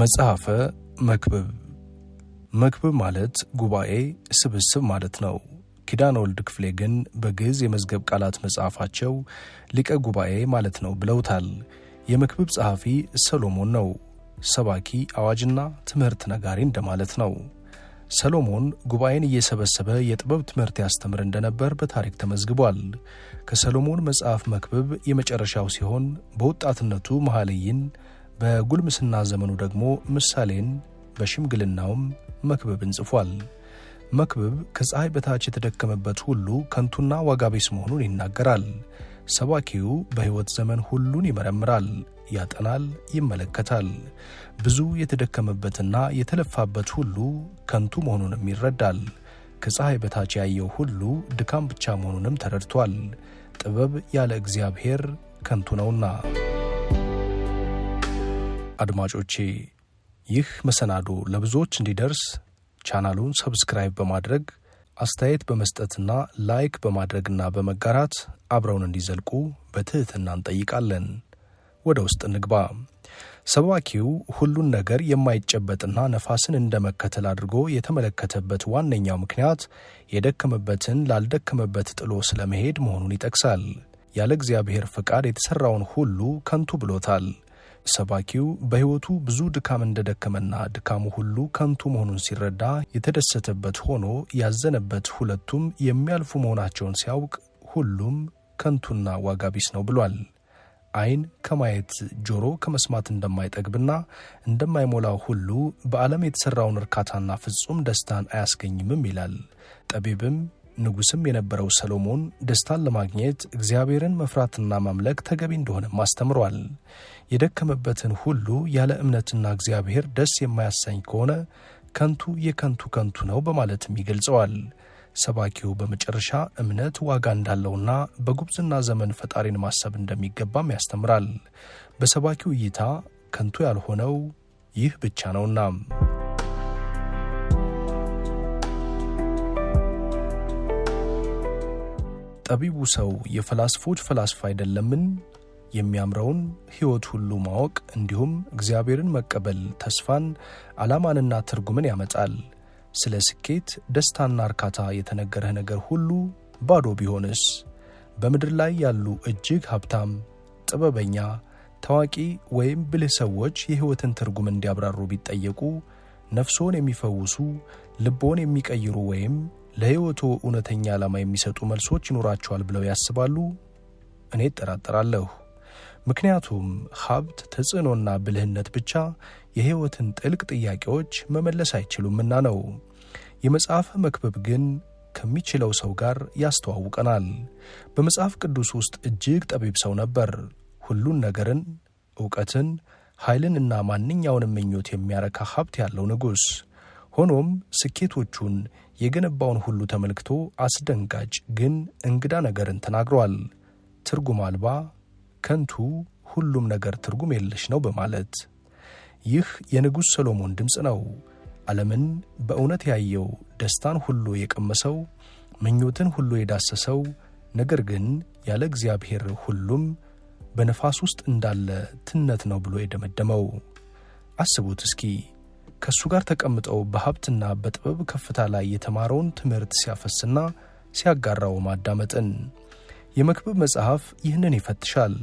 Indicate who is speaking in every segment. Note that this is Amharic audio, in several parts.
Speaker 1: መጽሐፈ መክብብ መክብብ ማለት ጉባኤ ስብስብ ማለት ነው። ኪዳነ ወልድ ክፍሌ ግን በግዕዝ የመዝገብ ቃላት መጽሐፋቸው ሊቀ ጉባኤ ማለት ነው ብለውታል። የመክብብ ጸሐፊ ሰሎሞን ነው። ሰባኪ አዋጅና ትምህርት ነጋሪ እንደማለት ነው። ሰሎሞን ጉባኤን እየሰበሰበ የጥበብ ትምህርት ያስተምር እንደነበር በታሪክ ተመዝግቧል። ከሰሎሞን መጽሐፍ መክብብ የመጨረሻው ሲሆን በወጣትነቱ መሐልይን በጉልምስና ዘመኑ ደግሞ ምሳሌን በሽምግልናውም መክብብን ጽፏል። መክብብ ከፀሐይ በታች የተደከመበት ሁሉ ከንቱና ዋጋ ቤስ መሆኑን ይናገራል። ሰባኪው በሕይወት ዘመን ሁሉን ይመረምራል፣ ያጠናል፣ ይመለከታል። ብዙ የተደከመበትና የተለፋበት ሁሉ ከንቱ መሆኑንም ይረዳል። ከፀሐይ በታች ያየው ሁሉ ድካም ብቻ መሆኑንም ተረድቷል። ጥበብ ያለ እግዚአብሔር ከንቱ ነውና። አድማጮቼ ይህ መሰናዶ ለብዙዎች እንዲደርስ ቻናሉን ሰብስክራይብ በማድረግ አስተያየት በመስጠትና ላይክ በማድረግና በመጋራት አብረውን እንዲዘልቁ በትህትና እንጠይቃለን። ወደ ውስጥ እንግባ። ሰባኪው ሁሉን ነገር የማይጨበጥና ነፋስን እንደ መከተል አድርጎ የተመለከተበት ዋነኛው ምክንያት የደከመበትን ላልደከመበት ጥሎ ስለመሄድ መሆኑን ይጠቅሳል። ያለ እግዚአብሔር ፈቃድ የተሠራውን ሁሉ ከንቱ ብሎታል። ሰባኪው በሕይወቱ ብዙ ድካም እንደደከመና ድካሙ ሁሉ ከንቱ መሆኑን ሲረዳ የተደሰተበት ሆኖ ያዘነበት፣ ሁለቱም የሚያልፉ መሆናቸውን ሲያውቅ ሁሉም ከንቱና ዋጋ ቢስ ነው ብሏል። ዓይን ከማየት ጆሮ ከመስማት እንደማይጠግብና እንደማይሞላው ሁሉ በዓለም የተሠራውን እርካታና ፍጹም ደስታን አያስገኝምም ይላል ጠቢብም ንጉሥም የነበረው ሰሎሞን ደስታን ለማግኘት እግዚአብሔርን መፍራትና ማምለክ ተገቢ እንደሆነም አስተምሯል። የደከመበትን ሁሉ ያለ እምነትና እግዚአብሔር ደስ የማያሰኝ ከሆነ ከንቱ የከንቱ ከንቱ ነው በማለትም ይገልጸዋል። ሰባኪው በመጨረሻ እምነት ዋጋ እንዳለውና በጉብዝና ዘመን ፈጣሪን ማሰብ እንደሚገባም ያስተምራል። በሰባኪው እይታ ከንቱ ያልሆነው ይህ ብቻ ነውና ጠቢቡ ሰው የፈላስፎች ፈላስፋ አይደለምን? የሚያምረውን ሕይወት ሁሉ ማወቅ እንዲሁም እግዚአብሔርን መቀበል ተስፋን፣ ዓላማንና ትርጉምን ያመጣል። ስለ ስኬት፣ ደስታና እርካታ የተነገረህ ነገር ሁሉ ባዶ ቢሆንስ? በምድር ላይ ያሉ እጅግ ሀብታም፣ ጥበበኛ፣ ታዋቂ ወይም ብልህ ሰዎች የሕይወትን ትርጉም እንዲያብራሩ ቢጠየቁ ነፍሶን የሚፈውሱ ልቦን የሚቀይሩ ወይም ለህይወቱ እውነተኛ ዓላማ የሚሰጡ መልሶች ይኖራቸዋል ብለው ያስባሉ? እኔ እጠራጠራለሁ። ምክንያቱም ሀብት፣ ተጽዕኖና ብልህነት ብቻ የህይወትን ጥልቅ ጥያቄዎች መመለስ አይችሉምና ነው። የመጽሐፈ መክብብ ግን ከሚችለው ሰው ጋር ያስተዋውቀናል። በመጽሐፍ ቅዱስ ውስጥ እጅግ ጠቢብ ሰው ነበር። ሁሉን ነገርን፣ ኃይልን ኃይልንና ማንኛውንም ምኞት የሚያረካ ሀብት ያለው ንጉሥ ሆኖም ስኬቶቹን የገነባውን ሁሉ ተመልክቶ አስደንጋጭ ግን እንግዳ ነገርን ተናግሯል። ትርጉም አልባ፣ ከንቱ፣ ሁሉም ነገር ትርጉም የለሽ ነው በማለት ይህ የንጉሥ ሰሎሞን ድምፅ ነው። ዓለምን በእውነት ያየው፣ ደስታን ሁሉ የቀመሰው፣ ምኞትን ሁሉ የዳሰሰው፣ ነገር ግን ያለ እግዚአብሔር ሁሉም በነፋስ ውስጥ እንዳለ ትነት ነው ብሎ የደመደመው። አስቡት እስኪ ከእሱ ጋር ተቀምጠው በሀብትና በጥበብ ከፍታ ላይ የተማረውን ትምህርት ሲያፈስና ሲያጋራው ማዳመጥን። የመክብብ መጽሐፍ ይህንን ይፈትሻል።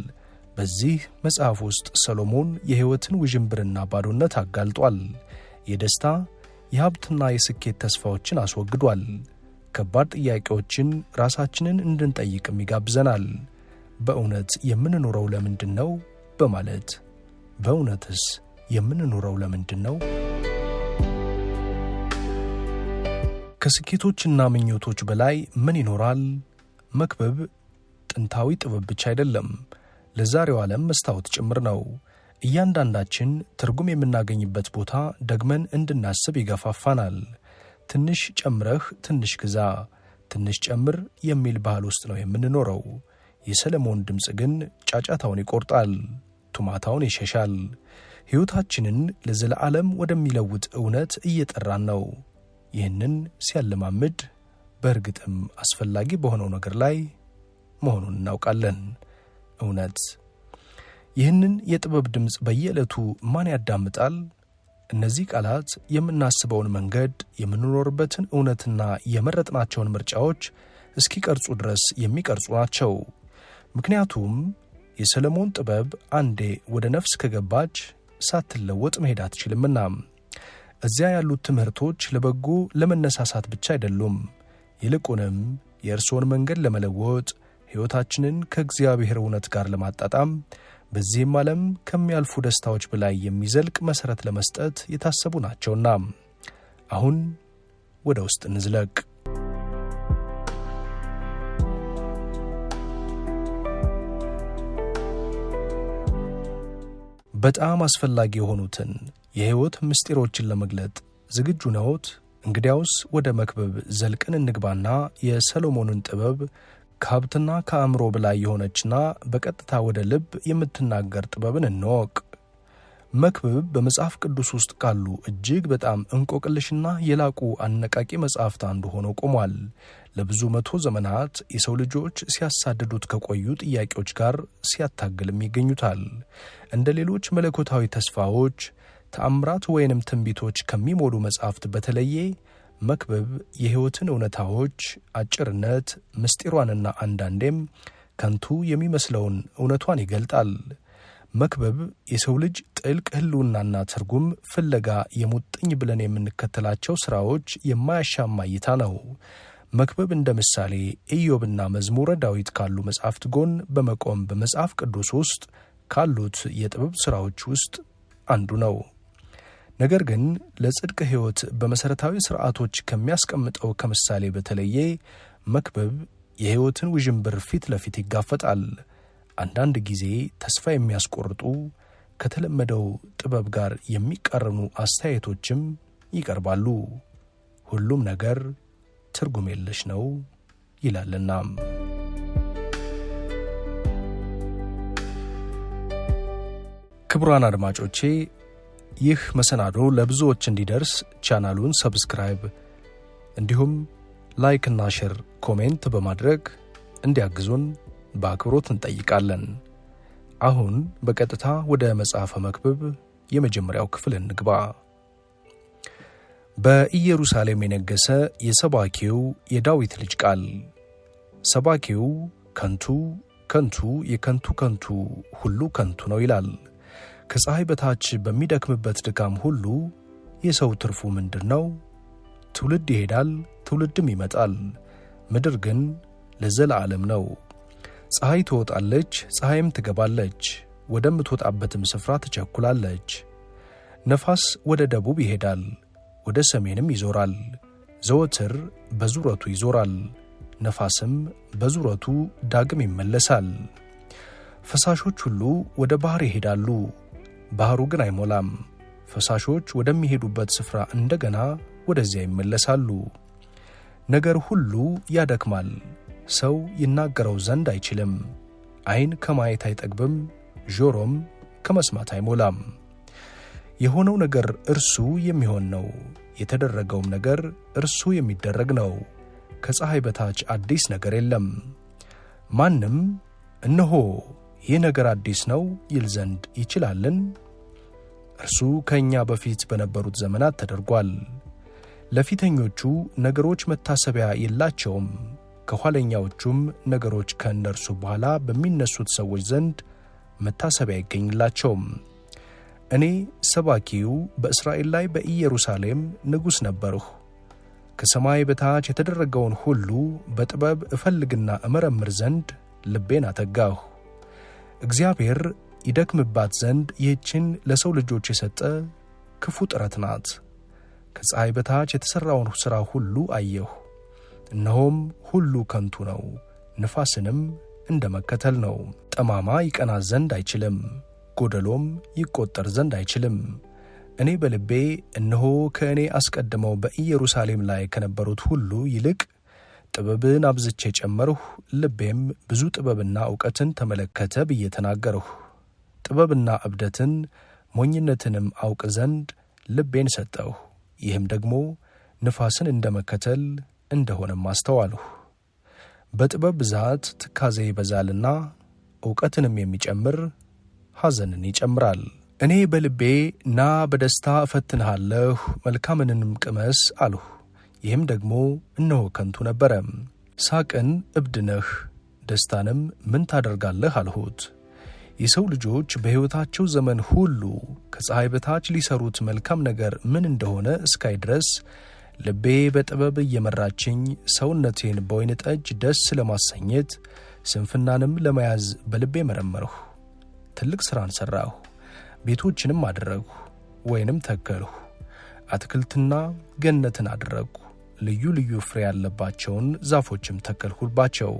Speaker 1: በዚህ መጽሐፍ ውስጥ ሰሎሞን የሕይወትን ውዥንብርና ባዶነት አጋልጧል። የደስታ የሀብትና የስኬት ተስፋዎችን አስወግዷል። ከባድ ጥያቄዎችን ራሳችንን እንድንጠይቅም ይጋብዘናል። በእውነት የምንኖረው ለምንድን ነው? በማለት በእውነትስ የምንኖረው ለምንድን ነው? ከስኬቶችና ምኞቶች በላይ ምን ይኖራል? መክበብ ጥንታዊ ጥበብ ብቻ አይደለም፣ ለዛሬው ዓለም መስታወት ጭምር ነው። እያንዳንዳችን ትርጉም የምናገኝበት ቦታ ደግመን እንድናስብ ይገፋፋናል። ትንሽ ጨምረህ ትንሽ ግዛ፣ ትንሽ ጨምር የሚል ባህል ውስጥ ነው የምንኖረው። የሰለሞን ድምፅ ግን ጫጫታውን ይቆርጣል፣ ቱማታውን ይሸሻል። ሕይወታችንን ለዘለዓለም ወደሚለውጥ እውነት እየጠራን ነው። ይህንን ሲያለማምድ በእርግጥም አስፈላጊ በሆነው ነገር ላይ መሆኑን እናውቃለን። እውነት ይህንን የጥበብ ድምፅ በየዕለቱ ማን ያዳምጣል? እነዚህ ቃላት የምናስበውን መንገድ፣ የምንኖርበትን እውነትና የመረጥናቸውን ምርጫዎች እስኪቀርጹ ድረስ የሚቀርጹ ናቸው። ምክንያቱም የሰለሞን ጥበብ አንዴ ወደ ነፍስ ከገባች ሳትለወጥ መሄድ አትችልምና። እዚያ ያሉት ትምህርቶች ለበጎ ለመነሳሳት ብቻ አይደሉም። ይልቁንም የእርስዎን መንገድ ለመለወጥ ሕይወታችንን ከእግዚአብሔር እውነት ጋር ለማጣጣም በዚህም ዓለም ከሚያልፉ ደስታዎች በላይ የሚዘልቅ መሠረት ለመስጠት የታሰቡ ናቸውና። አሁን ወደ ውስጥ እንዝለቅ። በጣም አስፈላጊ የሆኑትን የሕይወት ምስጢሮችን ለመግለጥ ዝግጁ ነዎት? እንግዲያውስ ወደ መክብብ ዘልቅን እንግባና የሰሎሞንን ጥበብ ከሀብትና ከአእምሮ በላይ የሆነችና በቀጥታ ወደ ልብ የምትናገር ጥበብን እንወቅ። መክብብ በመጽሐፍ ቅዱስ ውስጥ ካሉ እጅግ በጣም እንቆቅልሽና የላቁ አነቃቂ መጻሕፍት አንዱ ሆኖ ቆሟል። ለብዙ መቶ ዘመናት የሰው ልጆች ሲያሳድዱት ከቆዩ ጥያቄዎች ጋር ሲያታግልም ይገኙታል። እንደ ሌሎች መለኮታዊ ተስፋዎች ተአምራት ወይንም ትንቢቶች ከሚሞሉ መጻሕፍት በተለየ መክብብ የሕይወትን እውነታዎች አጭርነት፣ ምስጢሯንና አንዳንዴም ከንቱ የሚመስለውን እውነቷን ይገልጣል። መክብብ የሰው ልጅ ጥልቅ ሕልውናና ትርጉም ፍለጋ የሙጥኝ ብለን የምንከተላቸው ሥራዎች የማያሻማ እይታ ነው። መክብብ እንደ ምሳሌ ኢዮብና መዝሙረ ዳዊት ካሉ መጻሕፍት ጎን በመቆም በመጽሐፍ ቅዱስ ውስጥ ካሉት የጥበብ ሥራዎች ውስጥ አንዱ ነው። ነገር ግን ለጽድቅ ሕይወት በመሠረታዊ ሥርዓቶች ከሚያስቀምጠው ከምሳሌ በተለየ መክበብ የሕይወትን ውዥንብር ፊት ለፊት ይጋፈጣል። አንዳንድ ጊዜ ተስፋ የሚያስቆርጡ ከተለመደው ጥበብ ጋር የሚቃረኑ አስተያየቶችም ይቀርባሉ። ሁሉም ነገር ትርጉም የለሽ ነው ይላልና ክቡራን አድማጮቼ ይህ መሰናዶ ለብዙዎች እንዲደርስ ቻናሉን ሰብስክራይብ እንዲሁም ላይክ እና ሼር፣ ኮሜንት በማድረግ እንዲያግዙን በአክብሮት እንጠይቃለን። አሁን በቀጥታ ወደ መጽሐፈ መክብብ የመጀመሪያው ክፍል እንግባ። በኢየሩሳሌም የነገሰ የሰባኪው የዳዊት ልጅ ቃል። ሰባኪው ከንቱ ከንቱ የከንቱ ከንቱ ሁሉ ከንቱ ነው ይላል ከፀሐይ በታች በሚደክምበት ድካም ሁሉ የሰው ትርፉ ምንድን ነው? ትውልድ ይሄዳል፣ ትውልድም ይመጣል። ምድር ግን ለዘለዓለም ነው። ፀሐይ ትወጣለች፣ ፀሐይም ትገባለች፣ ወደምትወጣበትም ስፍራ ትቸኩላለች። ነፋስ ወደ ደቡብ ይሄዳል፣ ወደ ሰሜንም ይዞራል። ዘወትር በዙረቱ ይዞራል፣ ነፋስም በዙረቱ ዳግም ይመለሳል። ፈሳሾች ሁሉ ወደ ባሕር ይሄዳሉ ባህሩ ግን አይሞላም። ፈሳሾች ወደሚሄዱበት ስፍራ እንደገና ወደዚያ ይመለሳሉ። ነገር ሁሉ ያደክማል። ሰው ይናገረው ዘንድ አይችልም። አይን ከማየት አይጠግብም፣ ጆሮም ከመስማት አይሞላም። የሆነው ነገር እርሱ የሚሆን ነው፣ የተደረገውም ነገር እርሱ የሚደረግ ነው። ከፀሐይ በታች አዲስ ነገር የለም። ማንም እነሆ ይህ ነገር አዲስ ነው ይል ዘንድ ይችላልን? እርሱ ከእኛ በፊት በነበሩት ዘመናት ተደርጓል። ለፊተኞቹ ነገሮች መታሰቢያ የላቸውም፣ ከኋለኛዎቹም ነገሮች ከእነርሱ በኋላ በሚነሱት ሰዎች ዘንድ መታሰቢያ አይገኝላቸውም። እኔ ሰባኪው በእስራኤል ላይ በኢየሩሳሌም ንጉሥ ነበርሁ። ከሰማይ በታች የተደረገውን ሁሉ በጥበብ እፈልግና እመረምር ዘንድ ልቤን አተጋሁ። እግዚአብሔር ይደክምባት ዘንድ ይህችን ለሰው ልጆች የሰጠ ክፉ ጥረት ናት። ከፀሐይ በታች የተሠራውን ሥራ ሁሉ አየሁ፣ እነሆም ሁሉ ከንቱ ነው፣ ንፋስንም እንደ መከተል ነው። ጠማማ ይቀና ዘንድ አይችልም፣ ጎደሎም ይቈጠር ዘንድ አይችልም። እኔ በልቤ እነሆ ከእኔ አስቀድመው በኢየሩሳሌም ላይ ከነበሩት ሁሉ ይልቅ ጥበብን አብዝቼ ጨመርሁ፣ ልቤም ብዙ ጥበብና እውቀትን ተመለከተ ብዬ ተናገርሁ። ጥበብና እብደትን ሞኝነትንም አውቅ ዘንድ ልቤን ሰጠሁ። ይህም ደግሞ ንፋስን እንደ መከተል እንደሆነም አስተዋልሁ። በጥበብ ብዛት ትካዜ ይበዛልና እውቀትንም የሚጨምር ሐዘንን ይጨምራል። እኔ በልቤ ና በደስታ እፈትንሃለሁ፣ መልካምንንም ቅመስ አልሁ። ይህም ደግሞ እነሆ ከንቱ ነበረ። ሳቅን እብድ ነህ፣ ደስታንም ምን ታደርጋለህ አልሁት። የሰው ልጆች በሕይወታቸው ዘመን ሁሉ ከፀሐይ በታች ሊሰሩት መልካም ነገር ምን እንደሆነ እስካይ ድረስ ልቤ በጥበብ እየመራችኝ ሰውነቴን በወይን ጠጅ ደስ ለማሰኘት ስንፍናንም ለመያዝ በልቤ መረመርሁ። ትልቅ ሥራን ሠራሁ፣ ቤቶችንም አደረግሁ፣ ወይንም ተከልሁ፣ አትክልትና ገነትን አደረግሁ። ልዩ ልዩ ፍሬ ያለባቸውን ዛፎችም ተከልሁባቸው።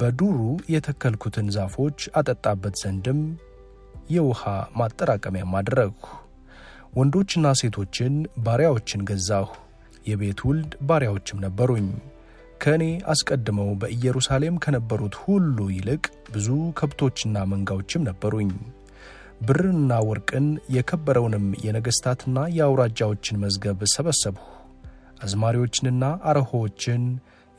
Speaker 1: በዱሩ የተከልኩትን ዛፎች አጠጣበት ዘንድም የውሃ ማጠራቀሚያም አደረግሁ። ወንዶችና ሴቶችን ባሪያዎችን ገዛሁ፣ የቤት ውልድ ባሪያዎችም ነበሩኝ። ከእኔ አስቀድመው በኢየሩሳሌም ከነበሩት ሁሉ ይልቅ ብዙ ከብቶችና መንጋዎችም ነበሩኝ። ብርንና ወርቅን የከበረውንም የነገሥታትና የአውራጃዎችን መዝገብ ሰበሰብሁ። አዝማሪዎችንና አረሆዎችን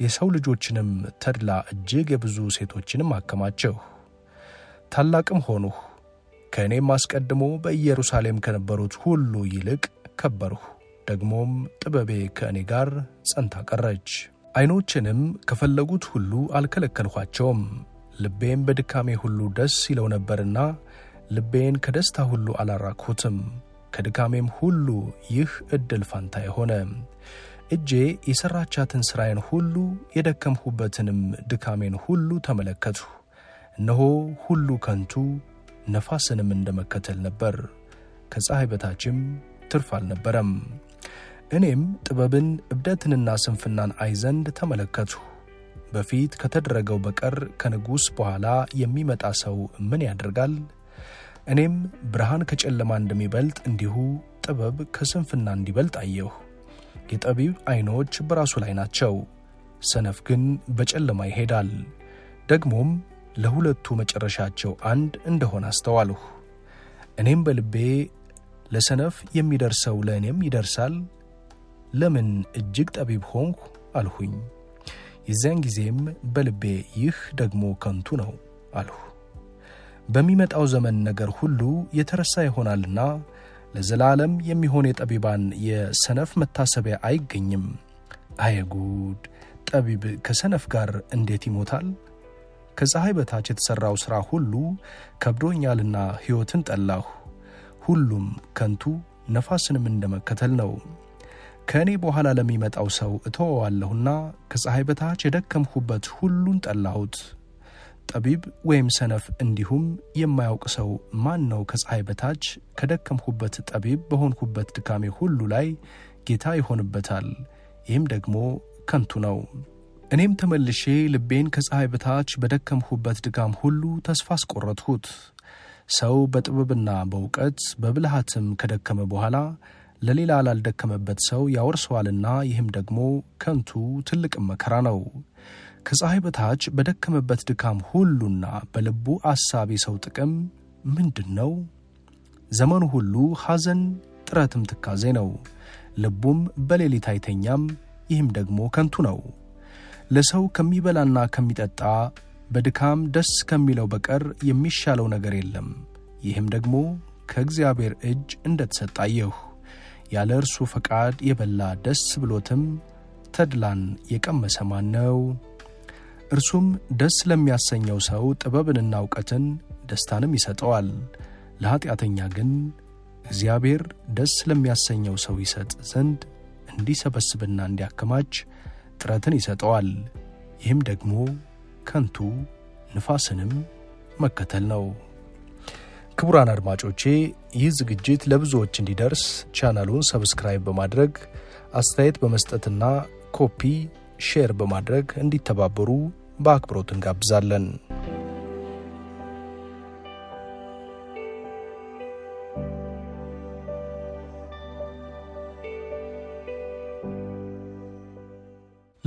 Speaker 1: የሰው ልጆችንም ተድላ እጅግ የብዙ ሴቶችንም አከማቸሁ። ታላቅም ሆኑህ ከእኔም አስቀድሞ በኢየሩሳሌም ከነበሩት ሁሉ ይልቅ ከበርሁ። ደግሞም ጥበቤ ከእኔ ጋር ጸንታ ቀረች። ዐይኖችንም ከፈለጉት ሁሉ አልከለከልኋቸውም። ልቤም በድካሜ ሁሉ ደስ ይለው ነበርና ልቤን ከደስታ ሁሉ አላራኩትም። ከድካሜም ሁሉ ይህ ዕድል ፋንታ የሆነ እጄ የሠራቻትን ሥራዬን ሁሉ የደከምሁበትንም ድካሜን ሁሉ ተመለከትሁ። እነሆ ሁሉ ከንቱ ነፋስንም እንደ መከተል ነበር፣ ከፀሐይ በታችም ትርፍ አልነበረም። እኔም ጥበብን እብደትንና ስንፍናን አይ ዘንድ ተመለከትሁ። በፊት ከተደረገው በቀር ከንጉሥ በኋላ የሚመጣ ሰው ምን ያደርጋል? እኔም ብርሃን ከጨለማ እንደሚበልጥ እንዲሁ ጥበብ ከስንፍና እንዲበልጥ አየሁ። የጠቢብ ዐይኖች በራሱ ላይ ናቸው። ሰነፍ ግን በጨለማ ይሄዳል። ደግሞም ለሁለቱ መጨረሻቸው አንድ እንደሆነ አስተዋልሁ። እኔም በልቤ ለሰነፍ የሚደርሰው ለእኔም ይደርሳል፣ ለምን እጅግ ጠቢብ ሆንሁ አልሁኝ። የዚያን ጊዜም በልቤ ይህ ደግሞ ከንቱ ነው አልሁ። በሚመጣው ዘመን ነገር ሁሉ የተረሳ ይሆናልና ለዘላለም የሚሆን የጠቢባን የሰነፍ መታሰቢያ አይገኝም። አየጉድ! ጠቢብ ከሰነፍ ጋር እንዴት ይሞታል? ከፀሐይ በታች የተሠራው ሥራ ሁሉ ከብዶኛልና ሕይወትን ጠላሁ። ሁሉም ከንቱ ነፋስንም እንደ መከተል ነው። ከእኔ በኋላ ለሚመጣው ሰው እተወዋለሁና ከፀሐይ በታች የደከምሁበት ሁሉን ጠላሁት። ጠቢብ ወይም ሰነፍ እንዲሁም የማያውቅ ሰው ማን ነው ከፀሐይ በታች ከደከምሁበት ጠቢብ በሆንሁበት ድካሜ ሁሉ ላይ ጌታ ይሆንበታል። ይህም ደግሞ ከንቱ ነው። እኔም ተመልሼ ልቤን ከፀሐይ በታች በደከምሁበት ድካም ሁሉ ተስፋ አስቆረጥሁት። ሰው በጥበብና በእውቀት በብልሃትም ከደከመ በኋላ ለሌላ ላልደከመበት ሰው ያወርሰዋልና ይህም ደግሞ ከንቱ ትልቅም መከራ ነው። ከፀሐይ በታች በደከመበት ድካም ሁሉና በልቡ አሳቢ ሰው ጥቅም ምንድን ነው? ዘመኑ ሁሉ ሐዘን ጥረትም ትካዜ ነው። ልቡም በሌሊት አይተኛም፣ ይህም ደግሞ ከንቱ ነው። ለሰው ከሚበላና ከሚጠጣ በድካም ደስ ከሚለው በቀር የሚሻለው ነገር የለም። ይህም ደግሞ ከእግዚአብሔር እጅ እንደተሰጣየሁ ያለ እርሱ ፈቃድ የበላ ደስ ብሎትም ተድላን የቀመሰ ማን ነው? እርሱም ደስ ለሚያሰኘው ሰው ጥበብንና እውቀትን ደስታንም ይሰጠዋል። ለኀጢአተኛ ግን እግዚአብሔር ደስ ለሚያሰኘው ሰው ይሰጥ ዘንድ እንዲሰበስብና እንዲያከማች ጥረትን ይሰጠዋል። ይህም ደግሞ ከንቱ ንፋስንም መከተል ነው። ክቡራን አድማጮቼ ይህ ዝግጅት ለብዙዎች እንዲደርስ ቻናሉን ሰብስክራይብ በማድረግ አስተያየት በመስጠትና ኮፒ ሼር በማድረግ እንዲተባበሩ በአክብሮት እንጋብዛለን።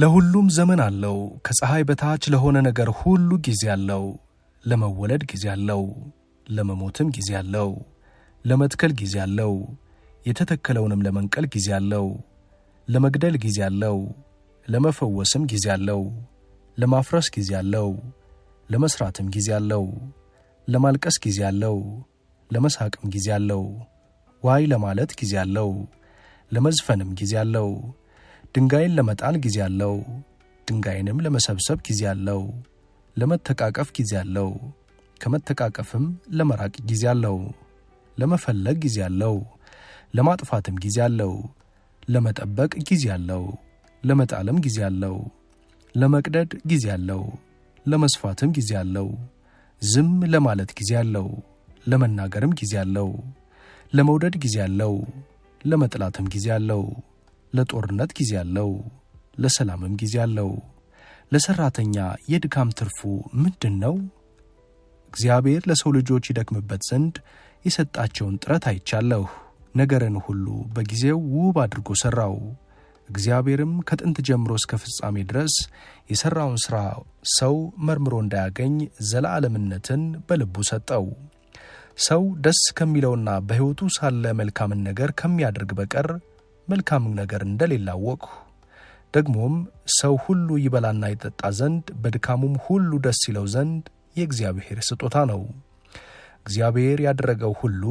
Speaker 1: ለሁሉም ዘመን አለው። ከፀሐይ በታች ለሆነ ነገር ሁሉ ጊዜ አለው። ለመወለድ ጊዜ አለው፣ ለመሞትም ጊዜ አለው። ለመትከል ጊዜ አለው፣ የተተከለውንም ለመንቀል ጊዜ አለው። ለመግደል ጊዜ አለው፣ ለመፈወስም ጊዜ አለው። ለማፍረስ ጊዜ አለው፣ ለመስራትም ጊዜ አለው። ለማልቀስ ጊዜ አለው፣ ለመሳቅም ጊዜ አለው። ዋይ ለማለት ጊዜ አለው፣ ለመዝፈንም ጊዜ አለው። ድንጋይን ለመጣል ጊዜ አለው፣ ድንጋይንም ለመሰብሰብ ጊዜ አለው። ለመተቃቀፍ ጊዜ አለው፣ ከመተቃቀፍም ለመራቅ ጊዜ አለው። ለመፈለግ ጊዜ አለው፣ ለማጥፋትም ጊዜ አለው። ለመጠበቅ ጊዜ አለው፣ ለመጣልም ጊዜ አለው። ለመቅደድ ጊዜ አለው፣ ለመስፋትም ጊዜ አለው። ዝም ለማለት ጊዜ አለው፣ ለመናገርም ጊዜ አለው። ለመውደድ ጊዜ አለው፣ ለመጥላትም ጊዜ አለው። ለጦርነት ጊዜ አለው፣ ለሰላምም ጊዜ አለው። ለሰራተኛ የድካም ትርፉ ምንድን ነው? እግዚአብሔር ለሰው ልጆች ይደክምበት ዘንድ የሰጣቸውን ጥረት አይቻለሁ። ነገርን ሁሉ በጊዜው ውብ አድርጎ ሠራው። እግዚአብሔርም ከጥንት ጀምሮ እስከ ፍጻሜ ድረስ የሠራውን ሥራ ሰው መርምሮ እንዳያገኝ ዘለዓለምነትን በልቡ ሰጠው። ሰው ደስ ከሚለውና በሕይወቱ ሳለ መልካምን ነገር ከሚያደርግ በቀር መልካም ነገር እንደሌለ አወቅሁ። ደግሞም ሰው ሁሉ ይበላና ይጠጣ ዘንድ በድካሙም ሁሉ ደስ ይለው ዘንድ የእግዚአብሔር ስጦታ ነው። እግዚአብሔር ያደረገው ሁሉ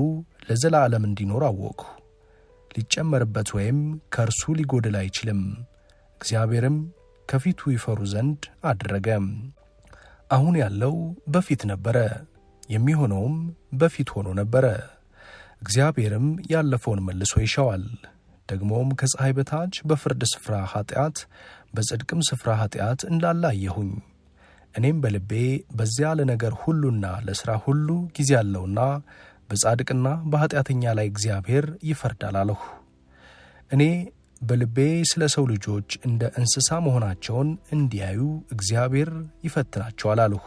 Speaker 1: ለዘላለም እንዲኖር አወቅሁ። ሊጨመርበት ወይም ከእርሱ ሊጎድል አይችልም። እግዚአብሔርም ከፊቱ ይፈሩ ዘንድ አደረገ። አሁን ያለው በፊት ነበረ፣ የሚሆነውም በፊት ሆኖ ነበረ። እግዚአብሔርም ያለፈውን መልሶ ይሻዋል። ደግሞም ከፀሐይ በታች በፍርድ ስፍራ ኃጢአት፣ በጽድቅም ስፍራ ኃጢአት እንዳለ አየሁኝ። እኔም በልቤ በዚያ ለነገር ሁሉና ለሥራ ሁሉ ጊዜ አለውና በጻድቅና በኃጢአተኛ ላይ እግዚአብሔር ይፈርዳል አለሁ። እኔ በልቤ ስለ ሰው ልጆች እንደ እንስሳ መሆናቸውን እንዲያዩ እግዚአብሔር ይፈትናቸዋል አለሁ።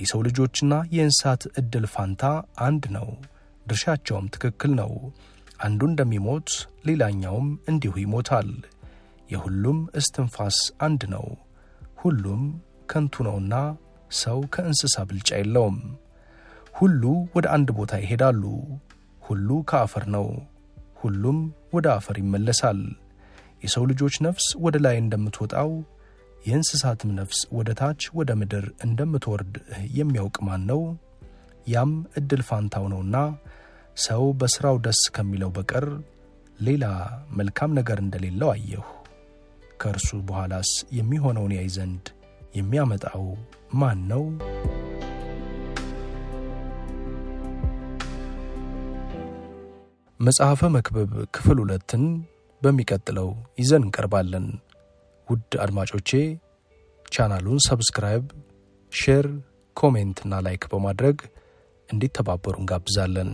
Speaker 1: የሰው ልጆችና የእንስሳት ዕድል ፋንታ አንድ ነው፣ ድርሻቸውም ትክክል ነው። አንዱ እንደሚሞት ሌላኛውም እንዲሁ ይሞታል። የሁሉም እስትንፋስ አንድ ነው። ሁሉም ከንቱ ነውና ሰው ከእንስሳ ብልጫ የለውም። ሁሉ ወደ አንድ ቦታ ይሄዳሉ። ሁሉ ከአፈር ነው፣ ሁሉም ወደ አፈር ይመለሳል። የሰው ልጆች ነፍስ ወደ ላይ እንደምትወጣው የእንስሳትም ነፍስ ወደ ታች ወደ ምድር እንደምትወርድ የሚያውቅ ማን ነው? ያም እድል ፋንታው ነውና ሰው በሥራው ደስ ከሚለው በቀር ሌላ መልካም ነገር እንደሌለው አየሁ። ከእርሱ በኋላስ የሚሆነውን ያይ ዘንድ የሚያመጣው ማን ነው? መጽሐፈ መክብብ ክፍል ሁለትን በሚቀጥለው ይዘን እንቀርባለን። ውድ አድማጮቼ ቻናሉን ሰብስክራይብ፣ ሼር፣ ኮሜንትና ላይክ በማድረግ እንዲተባበሩ እንጋብዛለን።